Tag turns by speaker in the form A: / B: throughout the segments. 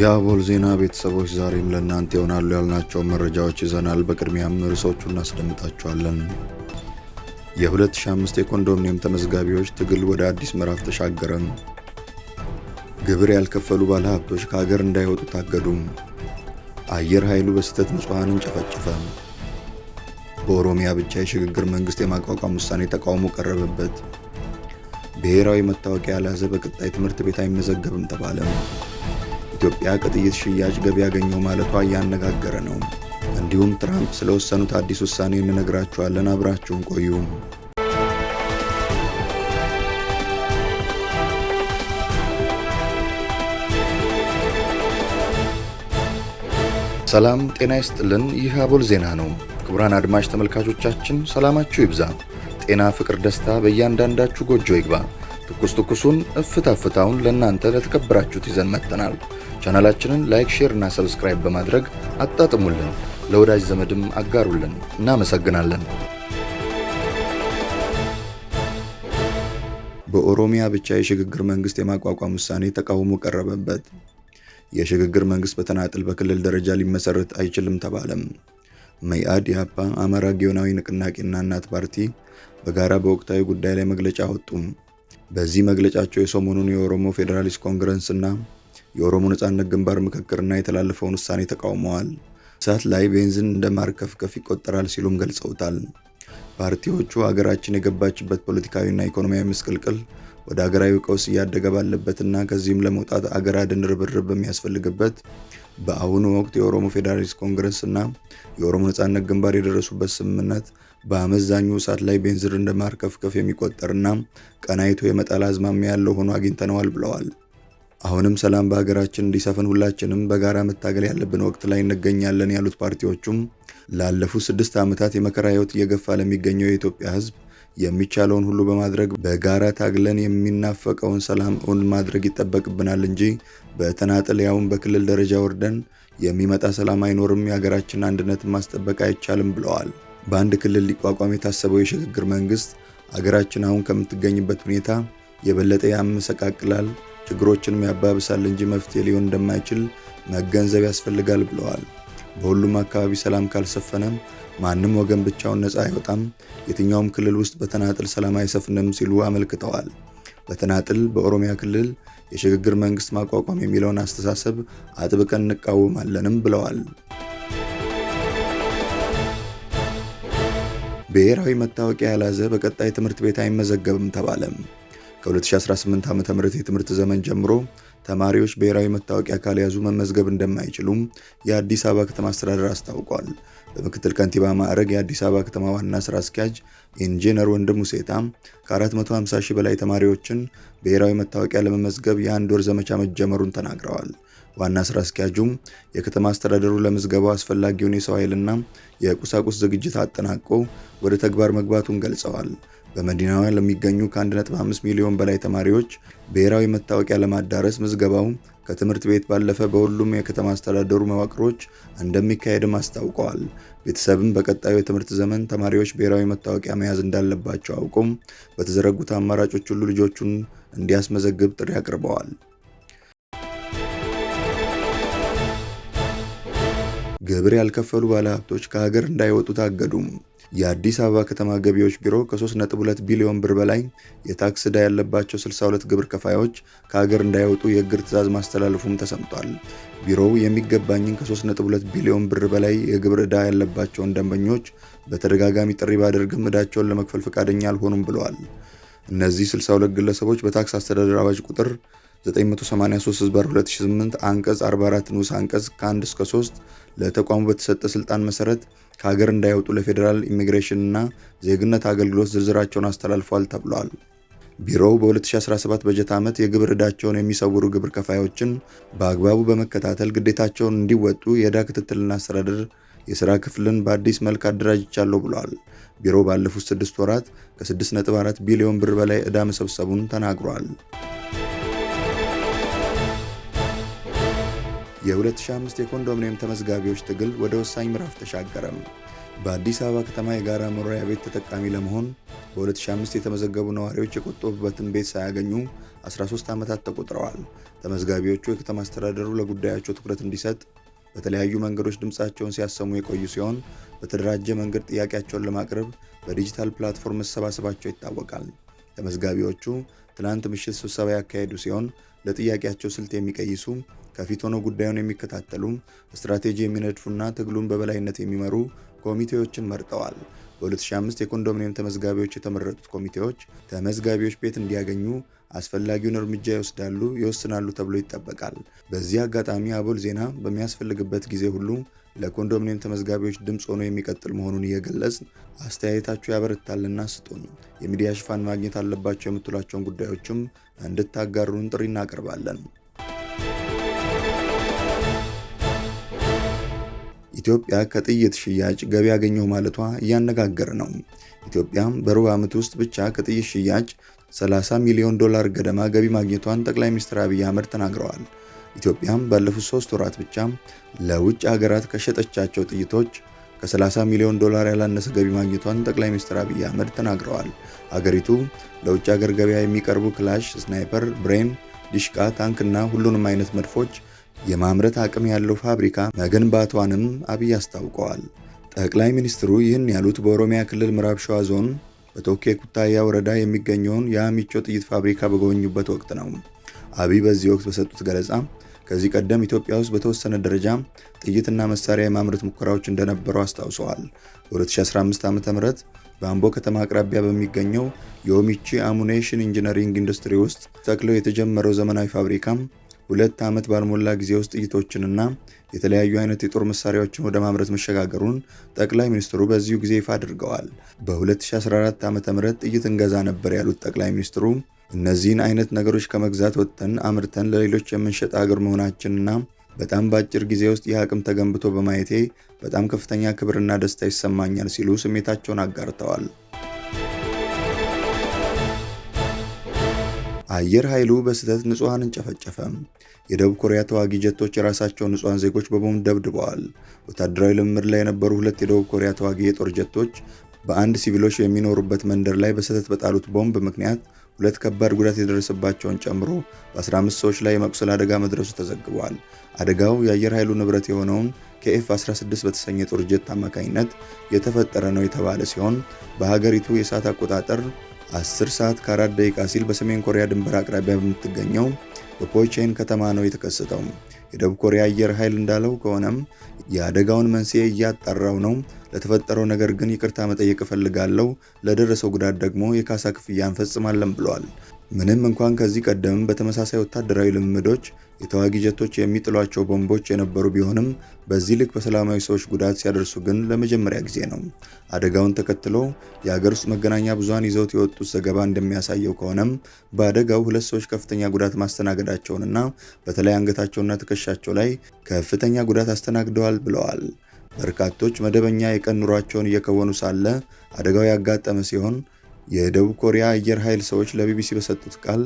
A: የአቦል ዜና ቤተሰቦች ዛሬም ለእናንተ ይሆናሉ ያልናቸውን መረጃዎች ይዘናል። በቅድሚያም ርዕሶቹ እናስደምጣቸዋለን። የ2005 የኮንዶሚኒየም ተመዝጋቢዎች ትግል ወደ አዲስ ምዕራፍ ተሻገረ። ግብር ያልከፈሉ ባለሀብቶች ከሀገር እንዳይወጡ ታገዱ። አየር ኃይሉ በስህተት ንጹሐንን ጨፈጨፈ። በኦሮሚያ ብቻ የሽግግር መንግስት የማቋቋም ውሳኔ ተቃውሞ ቀረበበት። ብሔራዊ መታወቂያ ያልያዘ በቀጣይ ትምህርት ቤት አይመዘገብም ተባለም። ኢትዮጵያ ከጥይት ሽያጭ ገቢ ያገኘው ማለቷ እያነጋገረ ነው። እንዲሁም ትራምፕ ስለወሰኑት አዲስ ውሳኔ እንነግራችኋለን። አብራችሁን ቆዩ።
B: ሰላም ጤና ይስጥልን። ይህ አቦል ዜና ነው። ክቡራን አድማጭ ተመልካቾቻችን ሰላማችሁ ይብዛ፣ ጤና፣ ፍቅር፣ ደስታ በእያንዳንዳችሁ ጎጆ ይግባ። ትኩስ ትኩሱን እፍታ ፍታውን ለእናንተ ለተከበራችሁት ይዘን መጥተናል። ቻናላችንን ላይክ፣ ሼር እና ሰብስክራይብ በማድረግ አጣጥሙልን፣ ለወዳጅ ዘመድም አጋሩልን። እናመሰግናለን።
A: በኦሮሚያ ብቻ የሽግግር መንግስት የማቋቋም ውሳኔ ተቃውሞ ቀረበበት። የሽግግር መንግስት በተናጥል በክልል ደረጃ ሊመሰረት አይችልም ተባለም። መኢአድ፣ ኢህአፓ፣ አማራ ጊዮናዊ ንቅናቄና እናት ፓርቲ በጋራ በወቅታዊ ጉዳይ ላይ መግለጫ አወጡም። በዚህ መግለጫቸው የሰሞኑን የኦሮሞ ፌዴራሊስት ኮንግረስና የኦሮሞ ነጻነት ግንባር ምክክርና የተላለፈውን ውሳኔ ተቃውመዋል። እሳት ላይ ቤንዚን እንደ ማርከፍከፍ ይቆጠራል ሲሉም ገልጸውታል። ፓርቲዎቹ ሀገራችን የገባችበት ፖለቲካዊና ኢኮኖሚያዊ ምስቅልቅል ወደ ሀገራዊ ቀውስ እያደገ ባለበትና ከዚህም ለመውጣት አገር አድን ርብርብ በሚያስፈልግበት በአሁኑ ወቅት የኦሮሞ ፌዴራሊስት እና የኦሮሞ ነጻነት ግንባር የደረሱበት ስምምነት በአመዛኙ እሳት ላይ ቤንዝር እንደ ማርከፍከፍ የሚቆጠርና ቀናይቶ የመጣል አዝማሚያ ያለው ሆኖ አግኝተነዋል ብለዋል። አሁንም ሰላም በሀገራችን እንዲሰፍን ሁላችንም በጋራ መታገል ያለብን ወቅት ላይ እንገኛለን ያሉት ፓርቲዎቹም ላለፉት ስድስት ዓመታት የመከራ ህይወት እየገፋ ለሚገኘው የኢትዮጵያ ህዝብ የሚቻለውን ሁሉ በማድረግ በጋራ ታግለን የሚናፈቀውን ሰላም እውን ማድረግ ይጠበቅብናል እንጂ በተናጠል ያውም በክልል ደረጃ ወርደን የሚመጣ ሰላም አይኖርም፣ የሀገራችን አንድነት ማስጠበቅ አይቻልም ብለዋል። በአንድ ክልል ሊቋቋም የታሰበው የሽግግር መንግስት አገራችን አሁን ከምትገኝበት ሁኔታ የበለጠ ያመሰቃቅላል፣ ችግሮችንም ያባብሳል እንጂ መፍትሄ ሊሆን እንደማይችል መገንዘብ ያስፈልጋል ብለዋል። በሁሉም አካባቢ ሰላም ካልሰፈነም ማንም ወገን ብቻውን ነፃ አይወጣም፣ የትኛውም ክልል ውስጥ በተናጥል ሰላም አይሰፍንም ሲሉ አመልክተዋል። በተናጥል በኦሮሚያ ክልል የሽግግር መንግስት ማቋቋም የሚለውን አስተሳሰብ አጥብቀን እንቃወማለንም ብለዋል። ብሔራዊ መታወቂያ ያልያዘ በቀጣይ ትምህርት ቤት አይመዘገብም ተባለም ከ ከ2018 ዓ.ም የትምህርት ዘመን ጀምሮ ተማሪዎች ብሔራዊ መታወቂያ ካልያዙ መመዝገብ እንደማይችሉም የአዲስ አበባ ከተማ አስተዳደር አስታውቋል። በምክትል ከንቲባ ማዕረግ የአዲስ አበባ ከተማ ዋና ስራ አስኪያጅ ኢንጂነር ወንድሙ ሴታ ከ450 ሺህ በላይ ተማሪዎችን ብሔራዊ መታወቂያ ለመመዝገብ የአንድ ወር ዘመቻ መጀመሩን ተናግረዋል። ዋና ስራ አስኪያጁም የከተማ አስተዳደሩ ለምዝገባው አስፈላጊውን የሰው ኃይልና የቁሳቁስ ዝግጅት አጠናቆ ወደ ተግባር መግባቱን ገልጸዋል። በመዲናዋ ለሚገኙ ከ1.5 ሚሊዮን በላይ ተማሪዎች ብሔራዊ መታወቂያ ለማዳረስ ምዝገባው ከትምህርት ቤት ባለፈ በሁሉም የከተማ አስተዳደሩ መዋቅሮች እንደሚካሄድም አስታውቀዋል። ቤተሰብም በቀጣዩ የትምህርት ዘመን ተማሪዎች ብሔራዊ መታወቂያ መያዝ እንዳለባቸው አውቁም በተዘረጉት አማራጮች ሁሉ ልጆቹን እንዲያስመዘግብ ጥሪ አቅርበዋል። ግብር ያልከፈሉ ባለሀብቶች ከሀገር እንዳይወጡ ታገዱም። የአዲስ አበባ ከተማ ገቢዎች ቢሮ ከ3.2 ቢሊዮን ብር በላይ የታክስ ዕዳ ያለባቸው 62 ግብር ከፋዮች ከሀገር እንዳይወጡ የእግር ትዕዛዝ ማስተላለፉም ተሰምቷል። ቢሮው የሚገባኝን ከ3.2 ቢሊዮን ብር በላይ የግብር ዕዳ ያለባቸውን ደንበኞች በተደጋጋሚ ጥሪ ባደርግም ዕዳቸውን ለመክፈል ፈቃደኛ አልሆኑም ብለዋል። እነዚህ 62 ግለሰቦች በታክስ አስተዳደር አዋጅ ቁጥር 983 ህዝባር 2008 አንቀጽ 44 ንዑስ አንቀጽ ከ1 እስከ 3 ለተቋሙ በተሰጠ ስልጣን መሰረት ከሀገር እንዳይወጡ ለፌዴራል ኢሚግሬሽንና ዜግነት አገልግሎት ዝርዝራቸውን አስተላልፏል ተብሏል። ቢሮው በ2017 በጀት ዓመት የግብር ዕዳቸውን የሚሰውሩ ግብር ከፋዮችን በአግባቡ በመከታተል ግዴታቸውን እንዲወጡ የዕዳ ክትትልና አስተዳደር የሥራ ክፍልን በአዲስ መልክ አደራጅቻለሁ ብሏል። ቢሮው ባለፉት ስድስት ወራት ከ6.4 ቢሊዮን ብር በላይ ዕዳ መሰብሰቡን ተናግሯል። የ2005 የኮንዶሚኒየም ተመዝጋቢዎች ትግል ወደ ወሳኝ ምዕራፍ ተሻገረም። በአዲስ አበባ ከተማ የጋራ መኖሪያ ቤት ተጠቃሚ ለመሆን በ2005 የተመዘገቡ ነዋሪዎች የቆጠቡበትን ቤት ሳያገኙ 13 ዓመታት ተቆጥረዋል። ተመዝጋቢዎቹ የከተማ አስተዳደሩ ለጉዳያቸው ትኩረት እንዲሰጥ በተለያዩ መንገዶች ድምፃቸውን ሲያሰሙ የቆዩ ሲሆን በተደራጀ መንገድ ጥያቄያቸውን ለማቅረብ በዲጂታል ፕላትፎርም መሰባሰባቸው ይታወቃል። ተመዝጋቢዎቹ ትናንት ምሽት ስብሰባ ያካሄዱ ሲሆን ለጥያቄያቸው ስልት የሚቀይሱ ከፊት ሆነው ጉዳዩን የሚከታተሉ ስትራቴጂ የሚነድፉና ትግሉን በበላይነት የሚመሩ ኮሚቴዎችን መርጠዋል። በ2005 የኮንዶሚኒየም ተመዝጋቢዎች የተመረጡት ኮሚቴዎች ተመዝጋቢዎች ቤት እንዲያገኙ አስፈላጊውን እርምጃ ይወስዳሉ፣ ይወስናሉ ተብሎ ይጠበቃል። በዚህ አጋጣሚ አቦል ዜና በሚያስፈልግበት ጊዜ ሁሉ ለኮንዶሚኒየም ተመዝጋቢዎች ድምፅ ሆኖ የሚቀጥል መሆኑን እየገለጽ አስተያየታችሁ ያበረታልና ስጡን። የሚዲያ ሽፋን ማግኘት አለባቸው የምትሏቸውን ጉዳዮችም እንድታጋሩን ጥሪ እናቀርባለን። ኢትዮጵያ ከጥይት ሽያጭ ገቢ ያገኘው ማለቷ እያነጋገረ ነው። ኢትዮጵያ በሩብ ዓመት ውስጥ ብቻ ከጥይት ሽያጭ 30 ሚሊዮን ዶላር ገደማ ገቢ ማግኘቷን ጠቅላይ ሚኒስትር አብይ አህመድ ተናግረዋል። ኢትዮጵያም ባለፉት ሶስት ወራት ብቻ ለውጭ ሀገራት ከሸጠቻቸው ጥይቶች ከ30 ሚሊዮን ዶላር ያላነሰ ገቢ ማግኘቷን ጠቅላይ ሚኒስትር አብይ አህመድ ተናግረዋል። አገሪቱ ለውጭ ሀገር ገበያ የሚቀርቡ ክላሽ፣ ስናይፐር፣ ብሬን፣ ዲሽቃ፣ ታንክና ሁሉንም አይነት መድፎች የማምረት አቅም ያለው ፋብሪካ መገንባቷንም አብይ አስታውቀዋል። ጠቅላይ ሚኒስትሩ ይህን ያሉት በኦሮሚያ ክልል ምዕራብ ሸዋ ዞን በቶኬ ኩታያ ወረዳ የሚገኘውን የአሚቾ ጥይት ፋብሪካ በጎበኙበት ወቅት ነው። አብይ በዚህ ወቅት በሰጡት ገለጻ ከዚህ ቀደም ኢትዮጵያ ውስጥ በተወሰነ ደረጃ ጥይትና መሳሪያ የማምረት ሙከራዎች እንደነበሩ አስታውሰዋል። በ2015 ዓ ም በአምቦ ከተማ አቅራቢያ በሚገኘው የኦሚቺ አሙኔሽን ኢንጂነሪንግ ኢንዱስትሪ ውስጥ ተክለው የተጀመረው ዘመናዊ ፋብሪካም ሁለት ዓመት ባልሞላ ጊዜ ውስጥ ጥይቶችንና የተለያዩ አይነት የጦር መሳሪያዎችን ወደ ማምረት መሸጋገሩን ጠቅላይ ሚኒስትሩ በዚሁ ጊዜ ይፋ አድርገዋል። በ2014 ዓ ም ጥይት እንገዛ ነበር ያሉት ጠቅላይ ሚኒስትሩ እነዚህን አይነት ነገሮች ከመግዛት ወጥተን አምርተን ለሌሎች የምንሸጥ ሀገር መሆናችንና በጣም በአጭር ጊዜ ውስጥ ይህ አቅም ተገንብቶ በማየቴ በጣም ከፍተኛ ክብርና ደስታ ይሰማኛል ሲሉ ስሜታቸውን አጋርተዋል። አየር ኃይሉ በስህተት ንጹሐንን ጨፈጨፈ። የደቡብ ኮሪያ ተዋጊ ጀቶች የራሳቸውን ንጹሐን ዜጎች በቦምብ ደብድበዋል። ወታደራዊ ልምምድ ላይ የነበሩ ሁለት የደቡብ ኮሪያ ተዋጊ የጦር ጀቶች በአንድ ሲቪሎች የሚኖሩበት መንደር ላይ በስህተት በጣሉት ቦምብ ምክንያት ሁለት ከባድ ጉዳት የደረሰባቸውን ጨምሮ በ15 ሰዎች ላይ የመቁሰል አደጋ መድረሱ ተዘግቧል። አደጋው የአየር ኃይሉ ንብረት የሆነውን ከኤፍ 16 በተሰኘ የጦር ጀት አማካኝነት የተፈጠረ ነው የተባለ ሲሆን በሀገሪቱ የሰዓት አቆጣጠር 10 ሰዓት ከ4 ደቂቃ ሲል በሰሜን ኮሪያ ድንበር አቅራቢያ በምትገኘው በፖቼን ከተማ ነው የተከሰተው። የደቡብ ኮሪያ አየር ኃይል እንዳለው ከሆነም የአደጋውን መንስኤ እያጣራው ነው። ለተፈጠረው ነገር ግን ይቅርታ መጠየቅ እፈልጋለሁ፣ ለደረሰው ጉዳት ደግሞ የካሳ ክፍያ እንፈጽማለን ብለዋል። ምንም እንኳን ከዚህ ቀደምም በተመሳሳይ ወታደራዊ ልምምዶች የተዋጊ ጀቶች የሚጥሏቸው ቦምቦች የነበሩ ቢሆንም በዚህ ልክ በሰላማዊ ሰዎች ጉዳት ሲያደርሱ ግን ለመጀመሪያ ጊዜ ነው። አደጋውን ተከትሎ የሀገር ውስጥ መገናኛ ብዙሃን ይዘውት የወጡት ዘገባ እንደሚያሳየው ከሆነም በአደጋው ሁለት ሰዎች ከፍተኛ ጉዳት ማስተናገዳቸውንና በተለይ አንገታቸውና ትከሻቸው ላይ ከፍተኛ ጉዳት አስተናግደዋል ብለዋል። በርካቶች መደበኛ የቀን ኑሯቸውን እየከወኑ ሳለ አደጋው ያጋጠመ ሲሆን የደቡብ ኮሪያ አየር ኃይል ሰዎች ለቢቢሲ በሰጡት ቃል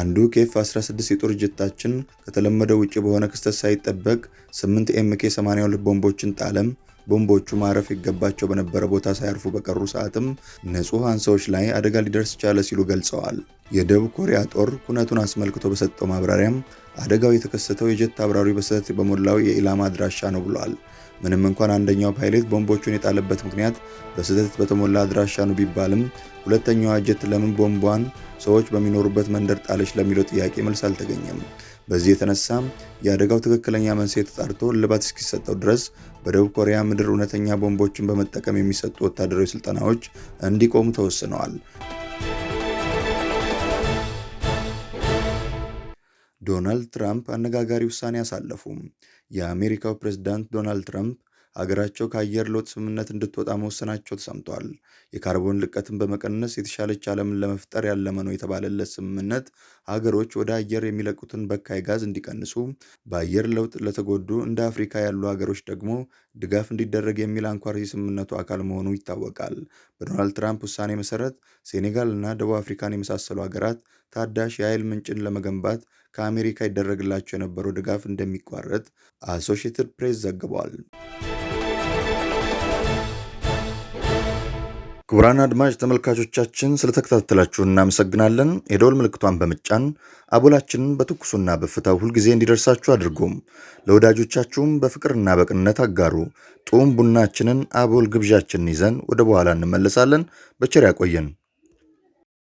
A: አንዱ ኬፍ 16 የጦር ጀታችን ከተለመደው ውጭ በሆነ ክስተት ሳይጠበቅ 8 ኤምኬ 82 ቦምቦችን ጣለም። ቦምቦቹ ማረፍ ይገባቸው በነበረ ቦታ ሳያርፉ በቀሩ ሰዓትም ንጹሐን ሰዎች ላይ አደጋ ሊደርስ ቻለ ሲሉ ገልጸዋል። የደቡብ ኮሪያ ጦር ኩነቱን አስመልክቶ በሰጠው ማብራሪያም አደጋው የተከሰተው የጀት አብራሪ በስህተት በሞላው የኢላማ አድራሻ ነው ብሏል። ምንም እንኳን አንደኛው ፓይለት ቦምቦቹን የጣለበት ምክንያት በስህተት በተሞላ አድራሻ ነው ቢባልም ሁለተኛዋ ጀት ለምን ቦምቧን ሰዎች በሚኖሩበት መንደር ጣለች ለሚለው ጥያቄ መልስ አልተገኘም። በዚህ የተነሳ የአደጋው ትክክለኛ መንስኤ ተጣርቶ እልባት እስኪሰጠው ድረስ በደቡብ ኮሪያ ምድር እውነተኛ ቦምቦችን በመጠቀም የሚሰጡ ወታደራዊ ስልጠናዎች እንዲቆሙ ተወስነዋል። ዶናልድ ትራምፕ አነጋጋሪ ውሳኔ አሳለፉ። የአሜሪካው ፕሬዝዳንት ዶናልድ ትራምፕ ሀገራቸው ከአየር ለውጥ ስምምነት እንድትወጣ መወሰናቸው ተሰምቷል። የካርቦን ልቀትን በመቀነስ የተሻለች ዓለምን ለመፍጠር ያለመ ነው የተባለለት ስምምነት ሀገሮች ወደ አየር የሚለቁትን በካይ ጋዝ እንዲቀንሱ፣ በአየር ለውጥ ለተጎዱ እንደ አፍሪካ ያሉ ሀገሮች ደግሞ ድጋፍ እንዲደረግ የሚል አንኳር የስምምነቱ አካል መሆኑ ይታወቃል። በዶናልድ ትራምፕ ውሳኔ መሰረት ሴኔጋል እና ደቡብ አፍሪካን የመሳሰሉ ሀገራት ታዳሽ የኃይል ምንጭን ለመገንባት ከአሜሪካ ይደረግላቸው የነበረው ድጋፍ እንደሚቋረጥ አሶሺየትድ ፕሬስ ዘግቧል።
B: ክቡራን አድማጭ ተመልካቾቻችን ስለተከታተላችሁ እናመሰግናለን። የደወል ምልክቷን በምጫን አቦላችንን በትኩሱና በእፍታው ሁልጊዜ እንዲደርሳችሁ አድርጎም ለወዳጆቻችሁም በፍቅርና በቅንነት አጋሩ። ጡም ቡናችንን አቦል ግብዣችንን ይዘን ወደ በኋላ እንመለሳለን። በቸር ያቆየን።